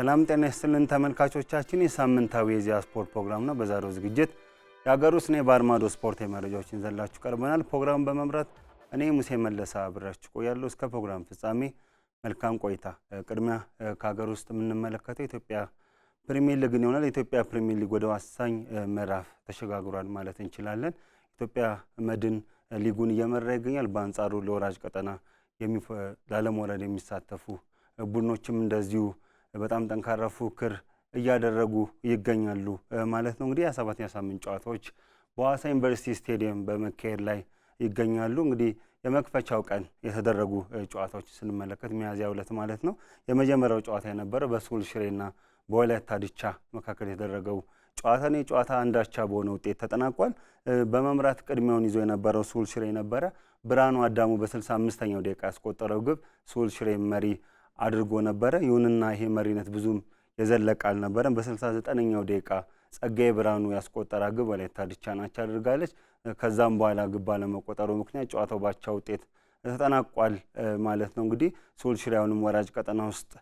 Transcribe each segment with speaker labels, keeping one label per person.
Speaker 1: ሰላም ጤና ይስጥልን ተመልካቾቻችን፣ የሳምንታዊ የኢዜአ ስፖርት ፕሮግራም ነው። በዛሬው ዝግጅት የሀገር ውስጥና የባህር ማዶ ስፖርት መረጃዎችን ዘላችሁ ቀርበናል። ፕሮግራም በመምራት እኔ ሙሴ መለሰ አብራችሁ ቆያለሁ እስከ ፕሮግራም ፍጻሜ። መልካም ቆይታ። ቅድሚያ ከሀገር ውስጥ የምንመለከተው ኢትዮጵያ ፕሪሚየር ሊግን ይሆናል። የኢትዮጵያ ፕሪሚየር ሊግ ወደ ወሳኝ ምዕራፍ ተሸጋግሯል ማለት እንችላለን። ኢትዮጵያ መድን ሊጉን እየመራ ይገኛል። በአንጻሩ ለወራጅ ቀጠና ላለመውረድ የሚሳተፉ ቡድኖችም እንደዚሁ በጣም ጠንካራ ፉክክር እያደረጉ ይገኛሉ ማለት ነው። እንግዲህ የሰባተኛ ሳምንት ጨዋታዎች በሐዋሳ ዩኒቨርሲቲ ስቴዲየም በመካሄድ ላይ ይገኛሉ። እንግዲህ የመክፈቻው ቀን የተደረጉ ጨዋታዎች ስንመለከት ሚያዝያ ሁለት ማለት ነው የመጀመሪያው ጨዋታ የነበረ በስሁል ሽሬና በወላይታ ድቻ መካከል የተደረገው ጨዋታ ነው። ጨዋታ አንዳቻ በሆነ ውጤት ተጠናቋል። በመምራት ቅድሚያውን ይዞ የነበረው ስሁል ሽሬ ነበረ። ብርሃኑ አዳሙ በ65ኛው ደቂቃ ያስቆጠረው ግብ ስሁል ሽሬ መሪ አድርጎ ነበረ። ይሁንና ይሄ መሪነት ብዙም የዘለቀ አልነበረም። በ69ኛው ደቂቃ ጸጋዬ ብርሃኑ ያስቆጠራ ግብ ወላይታ ድቻ አቻ አድርጋለች። ከዛም በኋላ ግብ ባለመቆጠሩ ምክንያት ጨዋታው ባቻ ውጤት ተጠናቋል ማለት ነው። እንግዲህ ሶልሽር አሁንም ወራጅ ቀጠና ውስጥ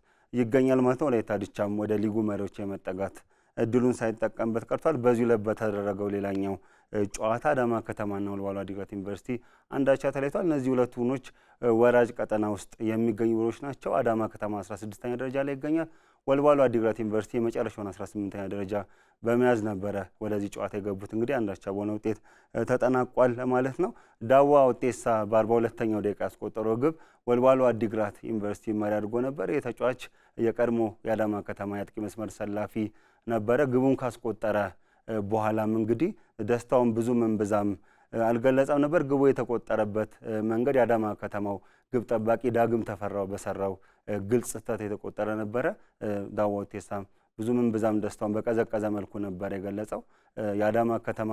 Speaker 1: ይገኛል ማለት ነው። ወላይታ ድቻም ወደ ሊጉ መሪዎች የመጠጋት እድሉን ሳይጠቀምበት ቀርቷል። በዚሁ ዕለት ተደረገው ሌላኛው ጨዋታ አዳማ ከተማና ወልዋሎ ዓዲግራት ዩኒቨርሲቲ አንዳቻ ተለይቷል። እነዚህ ሁለት ቡድኖች ወራጅ ቀጠና ውስጥ የሚገኙ ቡድኖች ናቸው። አዳማ ከተማ 16ኛ ደረጃ ላይ ይገኛል። ወልዋሎ ዓዲግራት ዩኒቨርሲቲ የመጨረሻውን 18ኛ ደረጃ በመያዝ ነበረ ወደዚህ ጨዋታ የገቡት። እንግዲህ አንዳቻ በሆነ ውጤት ተጠናቋል ማለት ነው። ዳዋ ውጤሳ በ ሁለተኛው ደቂቃ ያስቆጠረው ግብ ወልዋሎ ዓዲግራት ዩኒቨርሲቲ መሪ አድርጎ ነበር። የተጫዋች የቀድሞ የአዳማ ከተማ የአጥቂ መስመር ሰላፊ ነበረ። ግቡን ካስቆጠረ በኋላም እንግዲህ ደስታውን ብዙም እምብዛም አልገለጸም ነበር። ግቡ የተቆጠረበት መንገድ የአዳማ ከተማው ግብ ጠባቂ ዳግም ተፈራው በሰራው ግልጽ ስህተት የተቆጠረ ነበረ። ዳዋት ቴሳም ብዙም እምብዛም ደስታውን በቀዘቀዘ መልኩ ነበር የገለጸው። የአዳማ ከተማ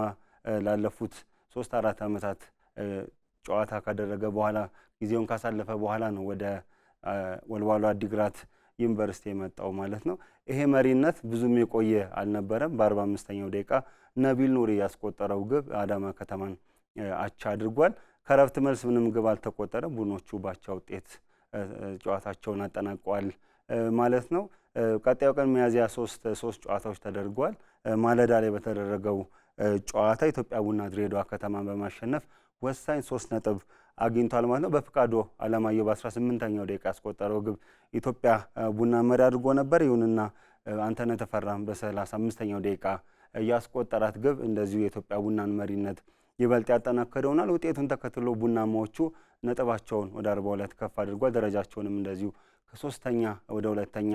Speaker 1: ላለፉት ሶስት አራት ዓመታት ጨዋታ ካደረገ በኋላ ጊዜውን ካሳለፈ በኋላ ነው ወደ ወልዋሎ አዲግራት ዩኒቨርሲቲ የመጣው ማለት ነው። ይሄ መሪነት ብዙም የቆየ አልነበረም። ደቂቃ ነቢል ኑሪ ያስቆጠረው ግብ አዳማ ከተማን አቻ አድርጓል። ከረፍት መልስ ምንም ግብ አልተቆጠረም። ቡኖቹ ባቻ ውጤት ጨዋታቸውን አጠናቀዋል ማለት ነው። ቀጣዩ ቀን ሚያዝያ ሶስት ሶስት ጨዋታዎች ተደርጓል። ማለዳ ላይ በተደረገው ጨዋታ ኢትዮጵያ ቡና ድሬዳዋ ከተማን በማሸነፍ ወሳኝ ሶስት ነጥብ አግኝቷል ማለት ነው። በፍቃዶ አለማየሁ በ18ኛው ደቂቃ ያስቆጠረው ግብ ኢትዮጵያ ቡና መሪ አድርጎ ነበር። ይሁንና አንተነህ ተፈራም በ35ኛው ደቂቃ ያስቆጠራት ግብ እንደዚሁ የኢትዮጵያ ቡናን መሪነት ይበልጥ ያጠናክረውናል። ውጤቱን ተከትሎ ቡናማዎቹ ነጥባቸውን ወደ 42 ከፍ አድርጓል። ደረጃቸውንም እንደዚሁ ከሶስተኛ ወደ ሁለተኛ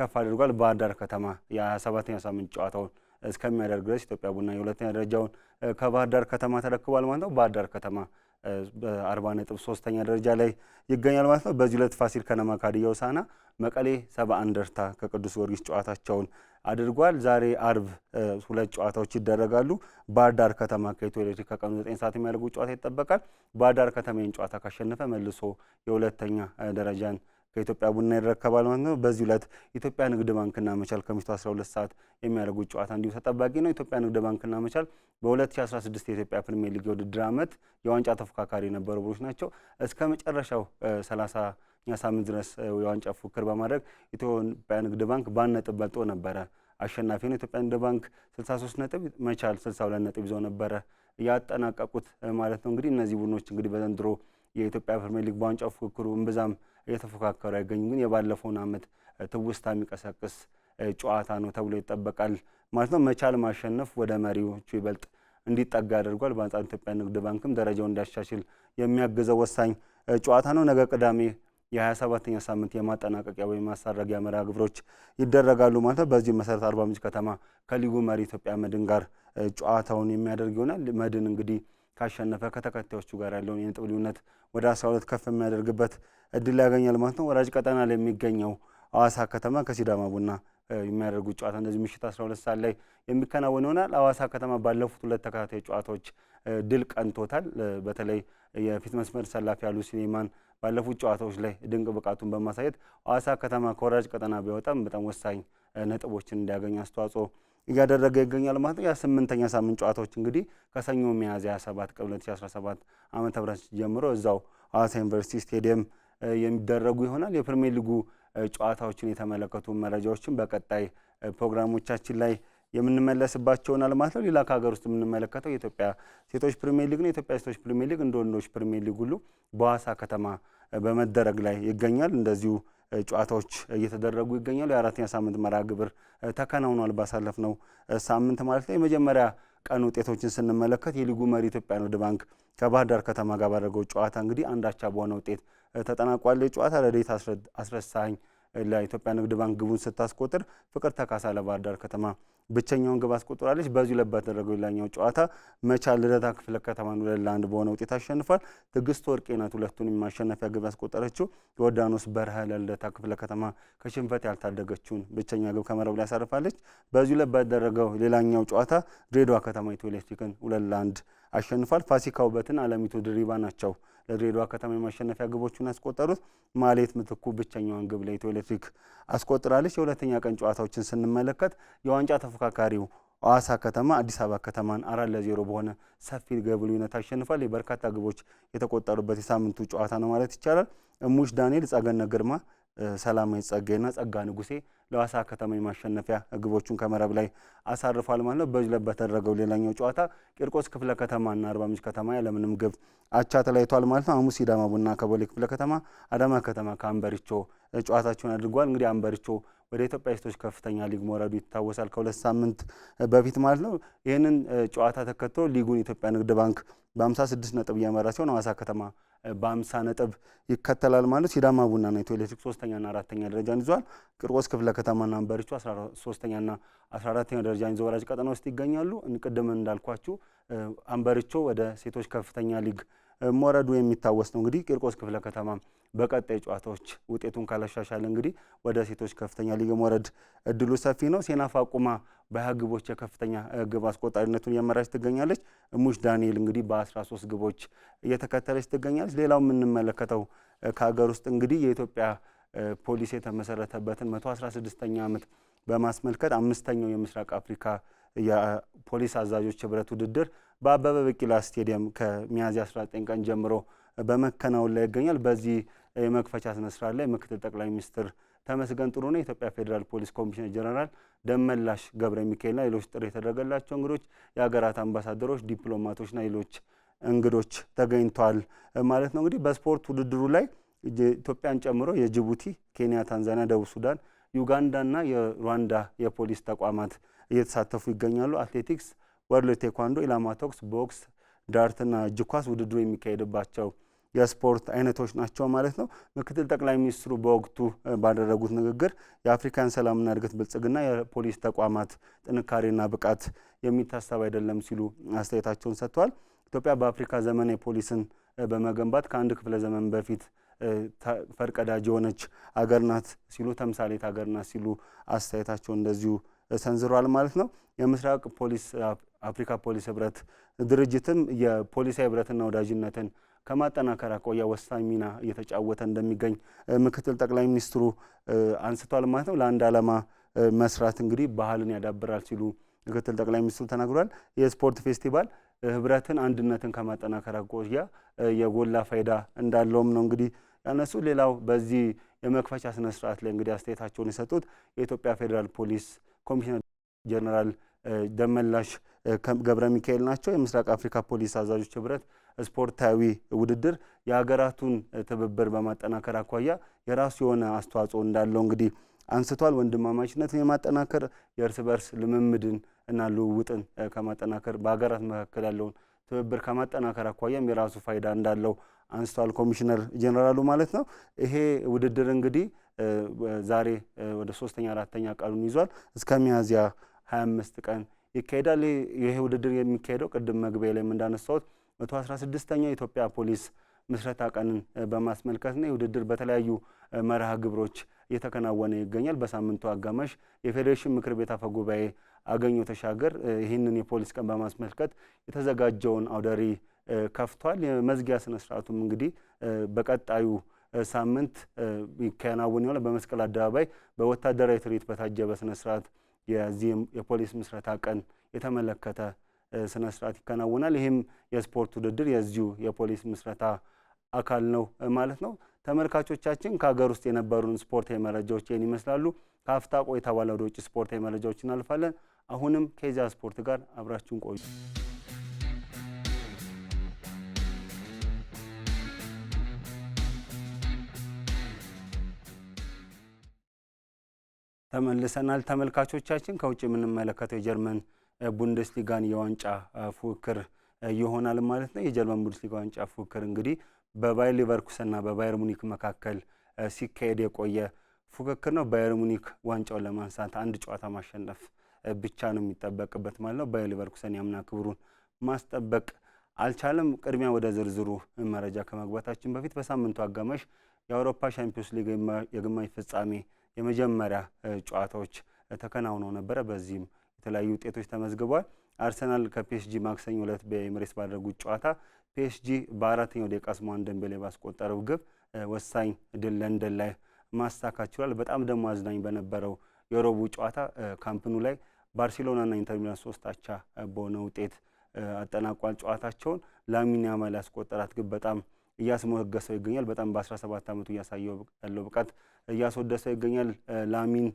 Speaker 1: ከፍ አድርጓል። ባህር ዳር ከተማ የ27ኛ ሳምንት ጨዋታውን እስከሚያደርግ ድረስ ኢትዮጵያ ቡና የሁለተኛ ደረጃውን ከባህር ዳር ከተማ ተረክቧል ማለት ነው። ባህር ዳር ከተማ በአርባ ነጥብ ሶስተኛ ደረጃ ላይ ይገኛል ማለት ነው። በዚህ ዕለት ፋሲል ከነማ ከሀዲያ ሆሳዕና፣ መቀሌ ሰባ እንደርታ ከቅዱስ ጊዮርጊስ ጨዋታቸውን አድርጓል። ዛሬ አርብ ሁለት ጨዋታዎች ይደረጋሉ። ባህር ዳር ከተማ ከኢትዮ ኤሌክትሪክ ከቀኑ ዘጠኝ ሰዓት የሚያደርጉ ጨዋታ ይጠበቃል። ባህር ዳር ከተማ ይህን ጨዋታ ካሸነፈ መልሶ የሁለተኛ ደረጃን ከኢትዮጵያ ቡና ይረከባል ማለት ነው። በዚህ ዕለት ኢትዮጵያ ንግድ ባንክና መቻል ከምሽቱ 12 ሰዓት የሚያደርጉት ጨዋታ እንዲሁ ተጠባቂ ነው። ኢትዮጵያ ንግድ ባንክና መቻል በ2016 የኢትዮጵያ ፕሪሚየር ሊግ የውድድር ዓመት የዋንጫ ተፎካካሪ የነበሩ ቡድኖች ናቸው። እስከ መጨረሻው 30ኛ ሳምንት ድረስ የዋንጫ ፉክክር በማድረግ ኢትዮጵያ ንግድ ባንክ በአንድ ነጥብ በልጦ ነበረ አሸናፊ ነው። ኢትዮጵያ ንግድ ባንክ 63 ነጥብ፣ መቻል 62 ነጥብ ይዘው ነበረ ያጠናቀቁት ማለት ነው። እንግዲህ እነዚህ ቡድኖች እንግዲህ በዘንድሮ የኢትዮጵያ ፕሪሚየር ሊግ በዋንጫው ፉክክሩ እምብዛም እየተፎካከሩ አይገኙም። ግን የባለፈውን ዓመት ትውስታ የሚቀሰቅስ ጨዋታ ነው ተብሎ ይጠበቃል ማለት ነው። መቻል ማሸነፍ ወደ መሪዎቹ ይበልጥ እንዲጠጋ አድርጓል። በአንጻሩ ኢትዮጵያ ንግድ ባንክም ደረጃው እንዲያሻሽል የሚያግዘው ወሳኝ ጨዋታ ነው። ነገ ቅዳሜ የ27ኛ ሳምንት የማጠናቀቂያ ወይም ማሳረጊያ መርሃ ግብሮች ይደረጋሉ ማለት ነው። በዚሁ መሰረት አርባ ምንጭ ከተማ ከሊጉ መሪ ኢትዮጵያ መድን ጋር ጨዋታውን የሚያደርግ ይሆናል። መድን እንግዲህ ካሸነፈ ከተከታዮቹ ጋር ያለውን የነጥብ ልዩነት ወደ 12 ከፍ የሚያደርግበት እድል ያገኛል ማለት ነው። ወራጅ ቀጠና ላይ የሚገኘው አዋሳ ከተማ ከሲዳማ ቡና የሚያደርጉት ጨዋታ እንደዚህ ምሽት 12 ሰዓት ላይ የሚከናወን ይሆናል። አዋሳ ከተማ ባለፉት ሁለት ተከታታይ ጨዋታዎች ድል ቀንቶታል። በተለይ የፊት መስመር ሰላፊ ያሉ ሲኔማን ባለፉት ጨዋታዎች ላይ ድንቅ ብቃቱን በማሳየት አዋሳ ከተማ ከወራጅ ቀጠና ቢወጣም በጣም ወሳኝ ነጥቦችን እንዲያገኝ አስተዋጽኦ እያደረገ ይገኛል ማለት ነው። የስምንተኛ ሳምንት ጨዋታዎች እንግዲህ ከሰኞ ሚያዝያ 27 ቀን 2017 ዓ ም ጀምሮ እዛው ሐዋሳ ዩኒቨርሲቲ ስቴዲየም የሚደረጉ ይሆናል። የፕሪሚየር ሊጉ ጨዋታዎችን የተመለከቱ መረጃዎችን በቀጣይ ፕሮግራሞቻችን ላይ የምንመለስባቸው ማለት ነው። ሌላ ከሀገር ውስጥ የምንመለከተው የኢትዮጵያ ሴቶች ፕሪሚየር ሊግ ነው። የኢትዮጵያ ሴቶች ፕሪሚየር ሊግ እንደ ወንዶች ፕሪሚየር ሊግ ሁሉ በሐዋሳ ከተማ በመደረግ ላይ ይገኛል እንደዚሁ ጨዋታዎች እየተደረጉ ይገኛሉ። የአራተኛ ሳምንት መርሃ ግብር ተከናውኗል ባሳለፍነው ሳምንት ማለት ነው። የመጀመሪያ ቀን ውጤቶችን ስንመለከት የሊጉ መሪ ኢትዮጵያ ንግድ ባንክ ከባህር ዳር ከተማ ጋር ባደረገው ጨዋታ እንግዲህ አንዳቻ በሆነ ውጤት ተጠናቋል። ጨዋታ ረድኤት አስረሳኸኝ ለኢትዮጵያ ንግድ ባንክ ግቡን ስታስቆጥር፣ ፍቅር ተካሳ ለባህር ዳር ከተማ ብቸኛውን ግብ አስቆጥራለች። በዚሁ ላይ በተደረገው ሌላኛው ጨዋታ መቻል ልደታ ክፍለ ከተማን ሁለት ለአንድ በሆነ ውጤት አሸንፏል። ትዕግስት ወርቄ ናት ሁለቱን ማሸነፊያ ግብ ያስቆጠረችው። ዮርዳኖስ በርሀ ለልደታ ክፍለ ከተማ ከሽንፈት ያልታደገችውን ብቸኛ ግብ ከመረብ ላይ ያሳርፋለች። በዚሁ ላይ በተደረገው ሌላኛው ጨዋታ ድሬዳዋ ከተማ ኢትዮ ኤሌክትሪክን ሁለት ለአንድ አሸንፏል። ፋሲካ ውበትን አለሚቱ ድሪባ ናቸው ለድሬዳዋ ከተማ የማሸነፊያ ግቦቹን ያስቆጠሩት። ማሌት ምትኩ ብቸኛዋን ግብ ለኢትዮ ኤሌክትሪክ አስቆጥራለች። የሁለተኛ ቀን ጨዋታዎችን ስንመለከት የዋንጫ ተፎ ተፎካካሪው ሐዋሳ ከተማ አዲስ አበባ ከተማን አራት ለዜሮ በሆነ ሰፊ ግብ ልዩነት አሸንፏል። የበርካታ ግቦች የተቆጠሩበት የሳምንቱ ጨዋታ ነው ማለት ይቻላል። እሙሽ ዳንኤል፣ ጸገነ ግርማ፣ ሰላማዊ ጸጋይና ጸጋ ንጉሴ ለሐዋሳ ከተማ የማሸነፊያ ግቦቹን ከመረብ ላይ አሳርፏል ማለት ነው። በጅለብ በተደረገው ሌላኛው ጨዋታ ቂርቆስ ክፍለ ከተማና አርባ ምንጭ ከተማ ያለምንም ግብ አቻ ተለያይቷል ማለት ነው። ሐሙስ ሲዳማ ቡና ከቦሌ ክፍለ ከተማ፣ አዳማ ከተማ ከአንበሪቾ ጨዋታቸውን አድርጓል። እንግዲህ አንበሪቾ ወደ ኢትዮጵያ ሴቶች ከፍተኛ ሊግ መውረዱ ይታወሳል፣ ከሁለት ሳምንት በፊት ማለት ነው። ይህንን ጨዋታ ተከትሎ ሊጉን ኢትዮጵያ ንግድ ባንክ በ56 ነጥብ እየመራ ሲሆን ሐዋሳ ከተማ በ50 ነጥብ ይከተላል ማለት ሲዳማ ቡናና ኢትዮ ኤሌክትሪክ ሶስተኛና አራተኛ ደረጃን ይዘዋል። ቂርቆስ ክፍለ ከተማና አንበሪቹ 13ኛና 14ኛ ደረጃን ይዘው ወራጅ ቀጠና ውስጥ ይገኛሉ። እንቅድም እንዳልኳችሁ አንበሪቾ ወደ ሴቶች ከፍተኛ ሊግ መውረዱ የሚታወስ ነው። እንግዲህ ቂርቆስ ክፍለ ከተማ በቀጣይ ጨዋታዎች ውጤቱን ካላሻሻለ እንግዲህ ወደ ሴቶች ከፍተኛ ሊግ መውረድ እድሉ ሰፊ ነው። ሴና ቁማ በሀያ ግቦች የከፍተኛ ግብ አስቆጣሪነቱን የመራች ትገኛለች። ሙሽ ዳንኤል እንግዲህ በ13 ግቦች እየተከተለች ትገኛለች። ሌላው የምንመለከተው ከሀገር ውስጥ እንግዲህ የኢትዮጵያ ፖሊስ የተመሰረተበትን 116ኛ ዓመት በማስመልከት አምስተኛው የምስራቅ አፍሪካ የፖሊስ አዛዦች ህብረት ውድድር በአበበ ቢቂላ ስቴዲየም ከሚያዝያ 19 ቀን ጀምሮ በመከናወን ላይ ይገኛል። በዚህ የመክፈቻ ስነስርዓት ላይ ምክትል ጠቅላይ ሚኒስትር ተመስገን ጥሩነህ፣ የኢትዮጵያ ፌዴራል ፖሊስ ኮሚሽነር ጀነራል ደመላሽ ገብረ ሚካኤልና ሌሎች ጥሪ የተደረገላቸው እንግዶች፣ የሀገራት አምባሳደሮች፣ ዲፕሎማቶችና ሌሎች እንግዶች ተገኝተዋል ማለት ነው። እንግዲህ በስፖርት ውድድሩ ላይ ኢትዮጵያን ጨምሮ የጅቡቲ፣ ኬንያ፣ ታንዛኒያ፣ ደቡብ ሱዳን፣ ዩጋንዳና የሩዋንዳ የፖሊስ ተቋማት እየተሳተፉ ይገኛሉ። አትሌቲክስ፣ ወርልድ ቴኳንዶ፣ ኢላማ ቦክስ፣ ዳርትና እጅ ኳስ ውድድሩ የሚካሄድባቸው የስፖርት አይነቶች ናቸው ማለት ነው። ምክትል ጠቅላይ ሚኒስትሩ በወቅቱ ባደረጉት ንግግር የአፍሪካን ሰላምና እድገት ብልጽግና የፖሊስ ተቋማት ጥንካሬና ብቃት የሚታሰብ አይደለም ሲሉ አስተያየታቸውን ሰጥተዋል። ኢትዮጵያ በአፍሪካ ዘመን የፖሊስን በመገንባት ከአንድ ክፍለ ዘመን በፊት ፈርቀዳጅ የሆነች አገር ናት ሲሉ ተምሳሌት አገር ናት ሲሉ አስተያየታቸው እንደዚሁ ሰንዝሯል ማለት ነው። የምስራቅ ፖሊስ አፍሪካ ፖሊስ ህብረት ድርጅትም የፖሊሳዊ ህብረትና ወዳጅነትን ከማጠናከር አኳያ ወሳኝ ሚና እየተጫወተ እንደሚገኝ ምክትል ጠቅላይ ሚኒስትሩ አንስቷል ማለት ነው። ለአንድ ዓላማ መስራት እንግዲህ ባህልን ያዳብራል ሲሉ ምክትል ጠቅላይ ሚኒስትሩ ተናግሯል። የስፖርት ፌስቲቫል ህብረትን፣ አንድነትን ከማጠናከር አኳያ የጎላ ፋይዳ እንዳለውም ነው እንግዲህ ያነሱ። ሌላው በዚህ የመክፈቻ ስነ ስርዓት ላይ እንግዲህ አስተያየታቸውን የሰጡት የኢትዮጵያ ፌዴራል ፖሊስ ኮሚሽነር ጀነራል ደመላሽ ገብረ ሚካኤል ናቸው። የምስራቅ አፍሪካ ፖሊስ አዛዦች ህብረት ስፖርታዊ ውድድር የሀገራቱን ትብብር በማጠናከር አኳያ የራሱ የሆነ አስተዋጽኦ እንዳለው እንግዲህ አንስቷል። ወንድማማችነትን የማጠናከር የእርስ በርስ ልምምድን እና ልውውጥን ከማጠናከር በሀገራት መካከል ያለውን ትብብር ከማጠናከር አኳያም የራሱ ፋይዳ እንዳለው አንስቷል ኮሚሽነር ጀኔራሉ ማለት ነው። ይሄ ውድድር እንግዲህ ዛሬ ወደ ሶስተኛ አራተኛ ቀኑን ይዟል። እስከ ሚያዝያ 25 ቀን ይካሄዳል። ይሄ ውድድር የሚካሄደው ቅድም መግቢያ ላይም እንዳነሳሁት 116ኛው የኢትዮጵያ ፖሊስ ምስረታ ቀንን በማስመልከት ነው። ውድድር በተለያዩ መርሃ ግብሮች እየተከናወነ ይገኛል። በሳምንቱ አጋማሽ የፌዴሬሽን ምክር ቤት አፈ ጉባኤ አገኘሁ ተሻገር ይህንን የፖሊስ ቀን በማስመልከት የተዘጋጀውን አውደሪ ከፍቷል። የመዝጊያ ስነ ስርዓቱም እንግዲህ በቀጣዩ ሳምንት ይከናወን ይሆናል። በመስቀል አደባባይ በወታደራዊ ትርኢት በታጀበ ስነ ስርዓት የፖሊስ ምስረታ ቀን የተመለከተ ስነ ስርዓት ይከናወናል። ይህም የስፖርት ውድድር የዚሁ የፖሊስ ምስረታ አካል ነው ማለት ነው። ተመልካቾቻችን ከሀገር ውስጥ የነበሩን ስፖርታዊ መረጃዎች ይህን ይመስላሉ። ከአፍታ ቆይታ በኋላ ወደ ውጭ ስፖርታዊ መረጃዎች እናልፋለን። አሁንም ከዚያ ስፖርት ጋር አብራችሁን ቆዩ።
Speaker 2: ተመልሰናል ተመልካቾቻችን። ከውጭ የምንመለከተው የጀርመን ቡንደስሊጋን የዋንጫ ፉክክር ይሆናል ማለት ነው። የጀርመን ቡንደስሊጋ ዋንጫ ፉክክር እንግዲህ በባየር ሊቨርኩሰንና በባየር ሙኒክ መካከል ሲካሄድ የቆየ ፉክክር ነው። ባየር ሙኒክ ዋንጫውን ለማንሳት አንድ ጨዋታ ማሸነፍ ብቻ ነው የሚጠበቅበት ማለት ነው። ባየር ሊቨርኩሰን ያምና ክብሩን ማስጠበቅ አልቻለም። ቅድሚያ ወደ ዝርዝሩ መረጃ ከመግባታችን በፊት በሳምንቱ አጋማሽ የአውሮፓ ሻምፒዮንስ ሊግ የግማሽ ፍጻሜ የመጀመሪያ ጨዋታዎች ተከናውነው ነበረ። በዚህም የተለያዩ ውጤቶች ተመዝግቧል። አርሰናል ከፒኤስጂ ማክሰኞ ዕለት በኤምሬስ ባደረጉት ጨዋታ ፒኤስጂ በአራተኛው ደቂቃ ኡስማን ደንቤሌ ባስቆጠረው ግብ ወሳኝ ድል ለንደን ላይ ማሳካት ችሏል። በጣም ደግሞ አዝናኝ በነበረው የሮቡ ጨዋታ ካምፕኑ ላይ ባርሴሎናና ኢንተር ሚላን ሶስት አቻ በሆነ ውጤት አጠናቋል ጨዋታቸውን። ላሚን ያማል ያስቆጠራት ግብ በጣም እያስሞገሰው ይገኛል። በጣም በ17 ዓመቱ እያሳየው ያለው ብቃት እያስወደሰው ይገኛል። ላሚን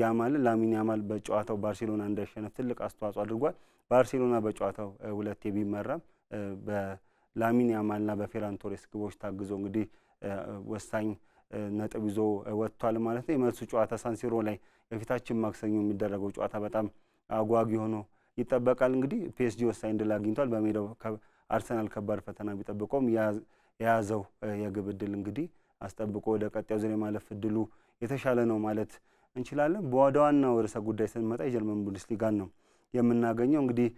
Speaker 2: ያማል ላሚን ያማል በጨዋታው ባርሴሎና እንዳይሸነፍ ትልቅ አስተዋጽኦ አድርጓል። ባርሴሎና በጨዋታው ሁለቴ ቢመራም በላሚን ያማልና በፌራን ቶሬስ ግቦች ታግዞ እንግዲህ ወሳኝ ነጥብ ይዞ ወጥቷል ማለት ነው። የመልሱ ጨዋታ ሳንሲሮ ላይ የፊታችን ማክሰኞ የሚደረገው ጨዋታ በጣም አጓጊ ሆኖ ይጠበቃል። እንግዲህ ፒኤስጂ ወሳኝ ድል አግኝቷል። በሜዳው አርሰናል ከባድ ፈተና ቢጠብቀውም የያዘው የግብ እድል እንግዲህ አስጠብቆ ወደ ቀጣዩ ዙር የማለፍ እድሉ የተሻለ ነው ማለት እንችላለን። ወደ ዋናው ርዕሰ ጉዳይ ስንመጣ የጀርመን ቡንደስሊጋን ነው የምናገኘው እንግዲህ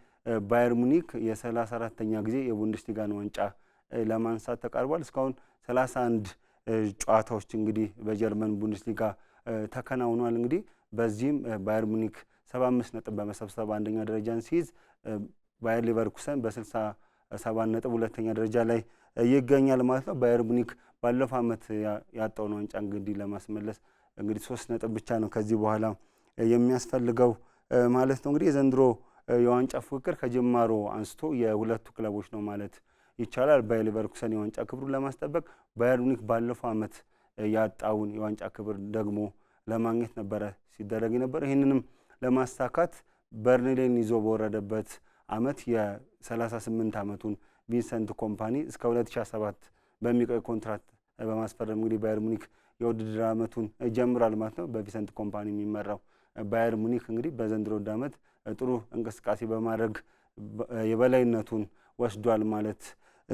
Speaker 2: ባየር ሙኒክ የሰላሳ አራተኛ ጊዜ የቡንደስሊጋን ዋንጫ ለማንሳት ተቃርቧል። እስካሁን 31 ጨዋታዎች እንግዲህ በጀርመን ቡንደስሊጋ ተከናውኗል። እንግዲህ በዚህም ባየር ሙኒክ 75 ነጥብ በመሰብሰብ አንደኛ ደረጃን ሲይዝ ባየር ሊቨርኩሰን በ67 ነጥብ ሁለተኛ ደረጃ ላይ ይገኛል ማለት ነው። ባየር ሙኒክ ባለፈው ዓመት ያጣውን ዋንጫ እንግዲህ ለማስመለስ እንግዲህ ሶስት ነጥብ ብቻ ነው ከዚህ በኋላ የሚያስፈልገው ማለት ነው። እንግዲህ የዘንድሮ የዋንጫ ፉክክር ከጅማሮ አንስቶ የሁለቱ ክለቦች ነው ማለት ይቻላል። ባየር ሌቨርኩሰን የዋንጫ ክብሩን ለማስጠበቅ፣ ባየር ሙኒክ ባለፈው ዓመት ያጣውን የዋንጫ ክብር ደግሞ ለማግኘት ነበረ ሲደረግ ነበር። ይህንንም ለማሳካት በርንሌን ይዞ በወረደበት ዓመት የ38 ዓመቱን ቪንሰንት ኮምፓኒ እስከ 2007 በሚቆይ ኮንትራት በማስፈረም እንግዲህ ባየር ሙኒክ የውድድር ዓመቱን ጀምሯል ማለት ነው። በቪንሰንት ኮምፓኒ የሚመራው ባየር ሙኒክ እንግዲህ በዘንድሮ ዓመት ጥሩ እንቅስቃሴ በማድረግ የበላይነቱን ወስዷል ማለት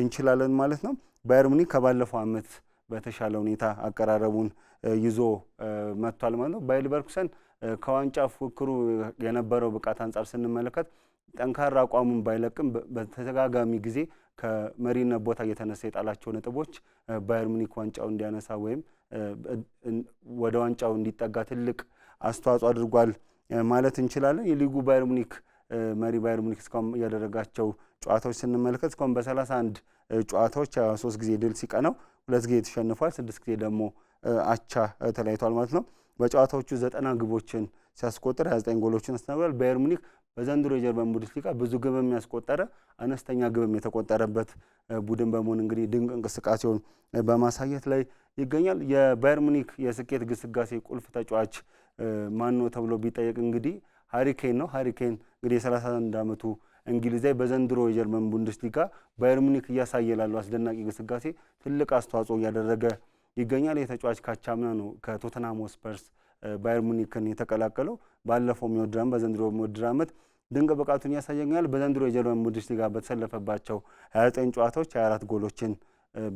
Speaker 2: እንችላለን ማለት ነው። ባየር ሙኒክ ከባለፈው ዓመት በተሻለ ሁኔታ አቀራረቡን ይዞ መጥቷል ማለት ነው። ባየር ከዋንጫ ፉክክሩ የነበረው ብቃት አንጻር ስንመለከት ጠንካራ አቋሙን ባይለቅም በተደጋጋሚ ጊዜ ከመሪነት ቦታ እየተነሳ የጣላቸው ነጥቦች ባየር ሙኒክ ዋንጫው እንዲያነሳ ወይም ወደ ዋንጫው እንዲጠጋ ትልቅ አስተዋጽኦ አድርጓል ማለት እንችላለን። የሊጉ ባየር ሙኒክ መሪ ባየር ሙኒክ እስካሁን ያደረጋቸው ጨዋታዎች ስንመለከት እስካሁን በሰላሳ አንድ ጨዋታዎች ሶስት ጊዜ ድል ሲቀናው ሁለት ጊዜ ተሸንፏል፣ ስድስት ጊዜ ደግሞ አቻ ተለያይቷል ማለት ነው። በጨዋታዎቹ ዘጠና ግቦችን ሲያስቆጥር 29 ጎሎችን አስተናግዷል። ባየር ሙኒክ በዘንድሮ የጀርመን ቡንደስሊጋ ብዙ ግብም ያስቆጠረ አነስተኛ ግብም የተቆጠረበት ቡድን በመሆን እንግዲህ ድንቅ እንቅስቃሴውን በማሳየት ላይ ይገኛል። የባየር ሙኒክ የስኬት ግስጋሴ ቁልፍ ተጫዋች ማን ነው ተብሎ ቢጠየቅ እንግዲህ ሃሪኬን ነው። ሃሪኬን እንግዲህ የ31 ዓመቱ እንግሊዛዊ በዘንድሮ የጀርመን ቡንደስሊጋ ባየር ሙኒክ እያሳየ ላለው አስደናቂ ግስጋሴ ትልቅ አስተዋጽኦ እያደረገ ይገኛል። የተጫዋች ካቻምና ነው ከቶተናም ስፐርስ ባየር ሙኒክን የተቀላቀለው። ባለፈው የውድድር ዓመት በዘንድሮ የውድድር ዓመት ድንቅ ብቃቱን ያሳየኛል። በዘንድሮ የጀርመን ቡንደስሊጋ በተሰለፈባቸው 29 ጨዋታዎች 24 ጎሎችን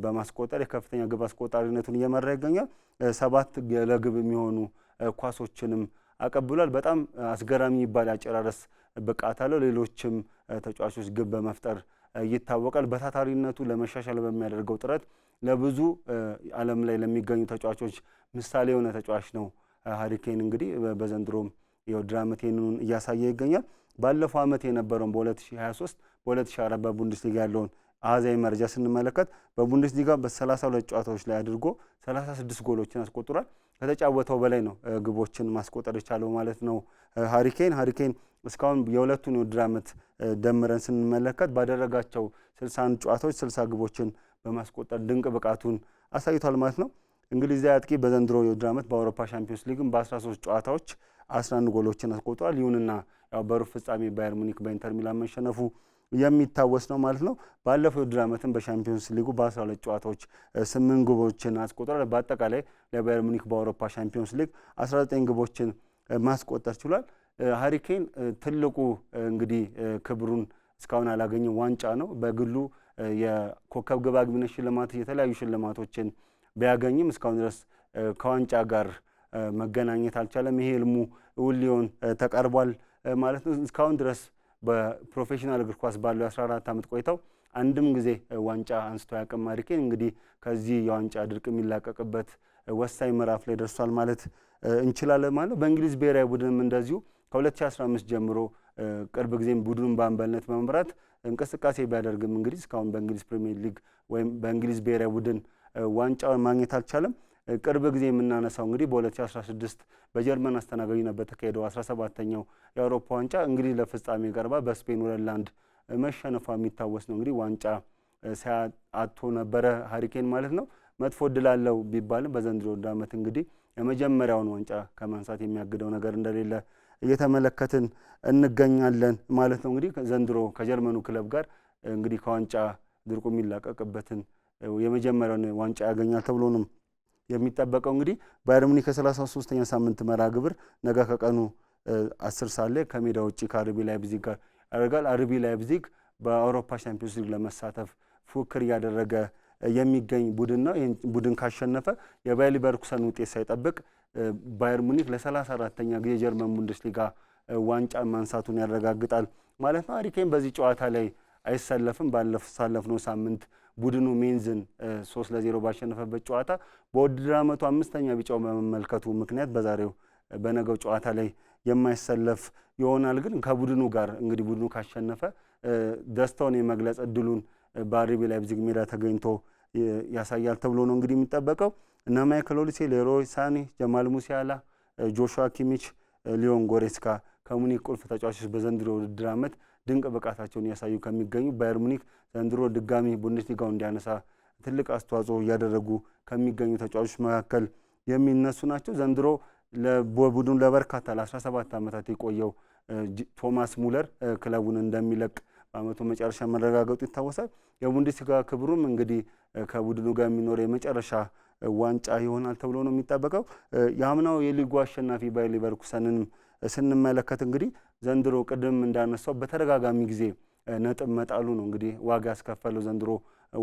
Speaker 2: በማስቆጠር የከፍተኛ ግብ አስቆጣሪነቱን እየመራ ይገኛል። ሰባት ለግብ የሚሆኑ ኳሶችንም አቀብሏል። በጣም አስገራሚ ይባል አጨራረስ ብቃት አለው። ሌሎችም ተጫዋቾች ግብ በመፍጠር ይታወቃል። በታታሪነቱ ለመሻሻል በሚያደርገው ጥረት ለብዙ ዓለም ላይ ለሚገኙ ተጫዋቾች ምሳሌ የሆነ ተጫዋች ነው። ሀሪኬን እንግዲህ በዘንድሮም የውድድር ዓመት እያሳየ ይገኛል። ባለፈው ዓመት የነበረውን በ2023 በ2024 በቡንደስሊጋ ያለውን አሃዛዊ መረጃ ስንመለከት በቡንደስሊጋ በ32 ጨዋታዎች ላይ አድርጎ 36 ጎሎችን አስቆጥሯል። ከተጫወተው በላይ ነው ግቦችን ማስቆጠር የቻለው ማለት ነው። ሃሪኬን ሃሪኬን እስካሁን የሁለቱን የውድድር ዓመት ደምረን ስንመለከት ባደረጋቸው 61 ጨዋታዎች 60 ግቦችን በማስቆጠር ድንቅ ብቃቱን አሳይቷል ማለት ነው። እንግሊዛዊ አጥቂ በዘንድሮ የውድድር ዓመት በአውሮፓ ሻምፒዮንስ ሊግም በ13 ጨዋታዎች 11 ጎሎችን አስቆጥሯል። ይሁንና ያው በሩብ ፍጻሜ ባየር ሙኒክ በኢንተር ሚላን መሸነፉ የሚታወስ ነው ማለት ነው። ባለፈው ውድድር ዓመትም በሻምፒዮንስ ሊጉ በ12 ጨዋታዎች 8 ግቦችን አስቆጥሯል። በአጠቃላይ ለባየር ሙኒክ በአውሮፓ ሻምፒዮንስ ሊግ 19 ግቦችን ማስቆጠር ችሏል። ሀሪኬን ትልቁ እንግዲህ ክብሩን እስካሁን አላገኘ ዋንጫ ነው። በግሉ የኮከብ ግብ አግቢነት ሽልማት፣ የተለያዩ ሽልማቶችን ቢያገኝም እስካሁን ድረስ ከዋንጫ ጋር መገናኘት አልቻለም። ይሄ ህልሙ እውን ሊሆን ተቃርቧል ማለት ነው እስካሁን ድረስ በፕሮፌሽናል እግር ኳስ ባለው የ14 ዓመት ቆይታው አንድም ጊዜ ዋንጫ አንስቶ ያቅም ሃሪ ኬን እንግዲህ ከዚህ የዋንጫ ድርቅ የሚላቀቅበት ወሳኝ ምዕራፍ ላይ ደርሷል ማለት እንችላለን ማለት ነው። በእንግሊዝ ብሔራዊ ቡድንም እንደዚሁ ከ2015 ጀምሮ ቅርብ ጊዜም ቡድኑን በአምበልነት በመምራት እንቅስቃሴ ቢያደርግም እንግዲህ እስካሁን በእንግሊዝ ፕሪሚየር ሊግ ወይም በእንግሊዝ ብሔራዊ ቡድን ዋንጫውን ማግኘት አልቻለም። ቅርብ ጊዜ የምናነሳው እንግዲህ በ2016 በጀርመን አስተናጋጅነት በተካሄደው 17ተኛው የአውሮፓ ዋንጫ እንግዲህ ለፍጻሜ ቀርባ በስፔን ሁለት መሸነፏ የሚታወስ ነው። እንግዲህ ዋንጫ ሲያአቶ ነበረ ሀሪኬን ማለት ነው። መጥፎ እድል አለው ቢባልም በዘንድሮ ዓመት እንግዲህ የመጀመሪያውን ዋንጫ ከማንሳት የሚያግደው ነገር እንደሌለ እየተመለከትን እንገኛለን ማለት ነው። እንግዲህ ዘንድሮ ከጀርመኑ ክለብ ጋር እንግዲህ ከዋንጫ ድርቁ የሚላቀቅበትን የመጀመሪያውን ዋንጫ ያገኛል ተብሎ ነው የሚጠበቀው እንግዲህ ባየር ሙኒክ ከሰላሳ ሶስተኛ ሳምንት መርሃ ግብር ነገ ከቀኑ አስር ሰዓት ላይ ከሜዳ ውጭ ከአርቢ ላይፕዚግ ጋር ያደርጋል። አርቢ ላይፕዚግ በአውሮፓ ቻምፒዮንስ ሊግ ለመሳተፍ ፉክክር እያደረገ የሚገኝ ቡድን ነው። ይህን ቡድን ካሸነፈ የባየር ሊቨርኩሰን ውጤት ሳይጠብቅ ባየር ሙኒክ ለሰላሳ አራተኛ ጊዜ ጀርመን ቡንደስሊጋ ዋንጫ ማንሳቱን ያረጋግጣል ማለት ነው። ሃሪ ኬን በዚህ ጨዋታ ላይ አይሰለፍም። ባሳለፍነው ሳምንት ቡድኑ ሜንዝን ሶስት ለዜሮ ባሸነፈበት ጨዋታ በውድድር ዓመቱ አምስተኛ ቢጫው በመመልከቱ ምክንያት በዛሬው በነገው ጨዋታ ላይ የማይሰለፍ ይሆናል። ግን ከቡድኑ ጋር እንግዲህ ቡድኑ ካሸነፈ ደስታውን የመግለጽ እድሉን በአርቢ ላይፕዚግ ሜዳ ተገኝቶ ያሳያል ተብሎ ነው እንግዲህ የሚጠበቀው። እነ ማይክል ኦሊሴ፣ ሌሮይ ሳኔ፣ ጀማል ሙሲያላ፣ ጆሹዋ ኪሚች፣ ሊዮን ጎሬስካ ከሙኒክ ቁልፍ ተጫዋቾች በዘንድሮ ውድድር ዓመት ድንቅ ብቃታቸውን እያሳዩ ከሚገኙ ባየር ሙኒክ ዘንድሮ ድጋሚ ቡንደስሊጋው እንዲያነሳ ትልቅ አስተዋጽኦ እያደረጉ ከሚገኙ ተጫዋቾች መካከል የሚነሱ ናቸው። ዘንድሮ ቡድኑ ለበርካታ ለ17 ዓመታት የቆየው ቶማስ ሙለር ክለቡን እንደሚለቅ በአመቱ መጨረሻ መረጋገጡ ይታወሳል። የቡንደስሊጋ ክብሩም እንግዲህ ከቡድኑ ጋር የሚኖረው የመጨረሻ ዋንጫ ይሆናል ተብሎ ነው የሚጠበቀው። የአምናው የሊጉ አሸናፊ ባየር ሊቨርኩሰንንም ስንመለከት እንግዲህ ዘንድሮ ቅድም እንዳነሳው በተደጋጋሚ ጊዜ ነጥብ መጣሉ ነው እንግዲህ ዋጋ ያስከፈለው ዘንድሮ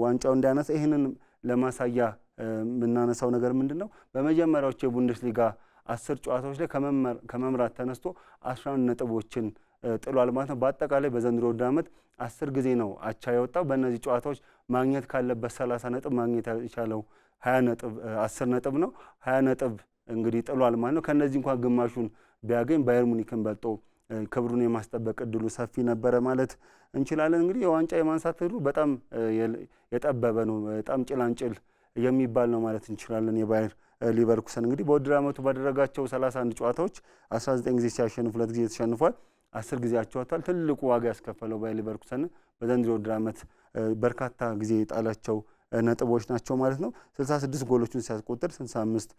Speaker 2: ዋንጫው እንዳያነሳ። ይህንን ለማሳያ የምናነሳው ነገር ምንድን ነው? በመጀመሪያዎቹ የቡንደስሊጋ አስር ጨዋታዎች ላይ ከመምራት ተነስቶ አስራ አንድ ነጥቦችን ጥሏል ማለት ነው። በአጠቃላይ በዘንድሮ ወደ ዓመት አስር ጊዜ ነው አቻ የወጣው። በእነዚህ ጨዋታዎች ማግኘት ካለበት ሰላሳ ነጥብ ማግኘት የቻለው ሀያ ነጥብ አስር ነጥብ ነው። ሀያ ነጥብ እንግዲህ ጥሏል ማለት ነው። ከእነዚህ እንኳን ግማሹን ቢያገኝ ባየር ሙኒክን በልጦ ክብሩን የማስጠበቅ እድሉ ሰፊ ነበረ ማለት እንችላለን። እንግዲህ የዋንጫ የማንሳት እድሉ በጣም የጠበበ ነው፣ በጣም ጭላንጭል የሚባል ነው ማለት እንችላለን። የባየር ሊቨርኩሰን እንግዲህ በውድድር ዓመቱ ባደረጋቸው 31 ጨዋታዎች 19 ጊዜ ሲያሸንፍ ሁለት ጊዜ ተሸንፏል፣ አስር ጊዜ አቻወጥቷል። ትልቁ ዋጋ ያስከፈለው ባየር ሊቨርኩሰን በዘንድሮ ውድድር ዓመት በርካታ ጊዜ የጣላቸው ነጥቦች ናቸው ማለት ነው። 66 ጎሎችን ሲያስቆጥር 65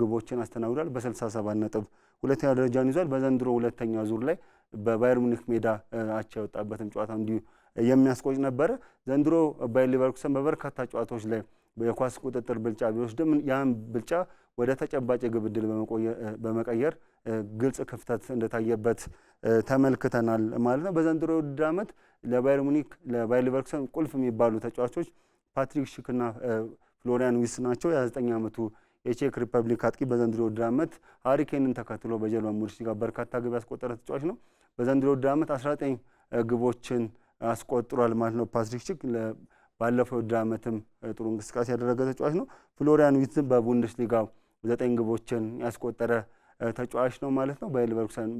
Speaker 2: ግቦችን አስተናግዷል። በ67 ነጥብ ሁለተኛ ደረጃን ይዟል። በዘንድሮ ሁለተኛ ዙር ላይ በባየር ሙኒክ ሜዳ አቻ የወጣበትም ጨዋታ እንዲሁ የሚያስቆጭ ነበረ። ዘንድሮ ባየር ሊቨርኩሰን በበርካታ ጨዋታዎች ላይ የኳስ ቁጥጥር ብልጫ ቢወስድም ያን ብልጫ ወደ ተጨባጭ የግብ ዕድል በመቀየር ግልጽ ክፍተት እንደታየበት ተመልክተናል ማለት ነው። በዘንድሮ ውድድር ዓመት ለባየር ሙኒክ ለባየር ሊቨርኩሰን ቁልፍ የሚባሉ ተጫዋቾች ፓትሪክ ሽክና ፍሎሪያን ዊስ ናቸው። የ29 ዓመቱ የቼክ ሪፐብሊክ አጥቂ በዘንድሮ ውድድር ዓመት ሃሪኬንን ተከትሎ በጀርመን ቡንደስሊጋ በርካታ ግብ ያስቆጠረ ተጫዋች ነው። በዘንድሮ ውድድር ዓመት 19 ግቦችን አስቆጥሯል ማለት ነው። ፓትሪክ ሽክ ባለፈው ውድድር ዓመትም ጥሩ እንቅስቃሴ ያደረገ ተጫዋች ነው። ፍሎሪያን ዊስ በቡንደስሊጋው ዘጠኝ ግቦችን ያስቆጠረ ተጫዋች ነው ማለት ነው። ባየር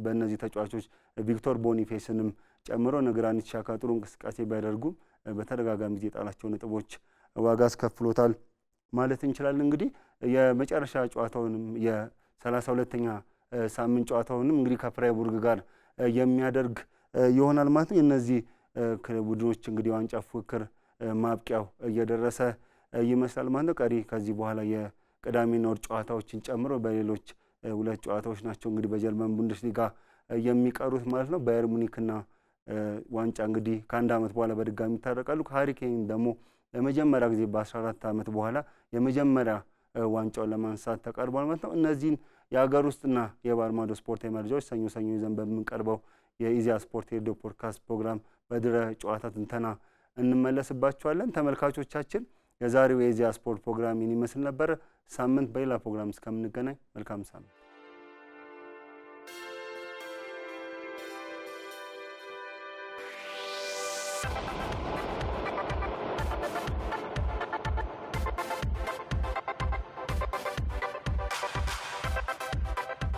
Speaker 2: በእነዚህ ተጫዋቾች ቪክቶር ቦኒፌስንም ጨምሮ እነ ግራኒት ጥሩ እንቅስቃሴ ቢያደርጉም በተደጋጋሚ ጊዜ የጣላቸው ነጥቦች ዋጋ አስከፍሎታል ማለት እንችላለን። እንግዲህ የመጨረሻ ጨዋታውንም የሰላሳ ሁለተኛ ሳምንት ጨዋታውንም እንግዲህ ከፍራይቡርግ ጋር የሚያደርግ ይሆናል ማለት ነው። የእነዚህ ቡድኖች እንግዲህ ዋንጫ ፉክክር ማብቂያው እየደረሰ ይመስላል ማለት ነው። ቀሪ ከዚህ በኋላ የቅዳሜና እሁድ ጨዋታዎችን ጨምሮ በሌሎች ሁለት ጨዋታዎች ናቸው እንግዲህ በጀርመን ቡንደስሊጋ የሚቀሩት ማለት ነው። ባየር ሙኒክና ዋንጫ እንግዲህ ከአንድ ዓመት በኋላ በድጋሚ ይታረቃሉ። ከሀሪኬን ደግሞ ለመጀመሪያ ጊዜ በ14 ዓመት በኋላ የመጀመሪያ ዋንጫውን ለማንሳት ተቀርቧል ማለት ነው። እነዚህን የሀገር ውስጥና የባህር ማዶ ስፖርት መረጃዎች ሰኞ ሰኞ ይዘን በምንቀርበው የኢዜአ ስፖርት ሬዲዮ ፖድካስት ፕሮግራም በድረ ጨዋታ ትንተና እንመለስባቸዋለን። ተመልካቾቻችን የዛሬው የኢዜአ ስፖርት ፕሮግራም ይህን ይመስል ነበር። ሳምንት በሌላ ፕሮግራም እስከምንገናኝ መልካም ሳምንት